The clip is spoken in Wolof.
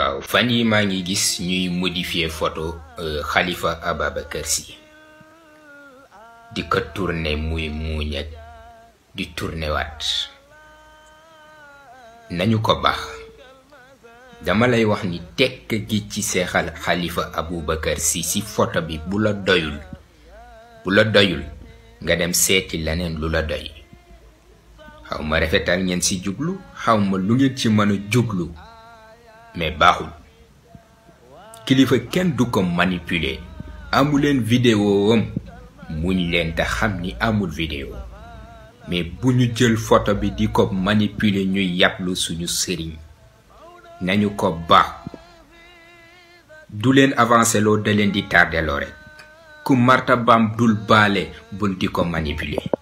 waaw fan yii maa ngi gis ñuy modifier photo euh, Khalifa Ababacar Sy di ko turne muy muuñ ak di tourner nañu ko baax dama lay wax ni tekk gi ci seexal Khalifa Ababacar Sy si photo bi bu la doyul bu la doyul nga dem seeti leneen lu la doy xaw rafetal ngeen ci jublu xawma lu ngeen ci mën jublu Mè ba houl. Kili fè ken dou kom manipile. Amou lèn videyo wèm. Moun lèn da ham ni amou videyo. Mè bou nou djel fota bi di kop manipile nou yap lou sou nou sering. Nan nou kop ba. Dou lèn avanse lò dè lèn di tarde lore. Kou marta bam doul bale bon di kom manipile.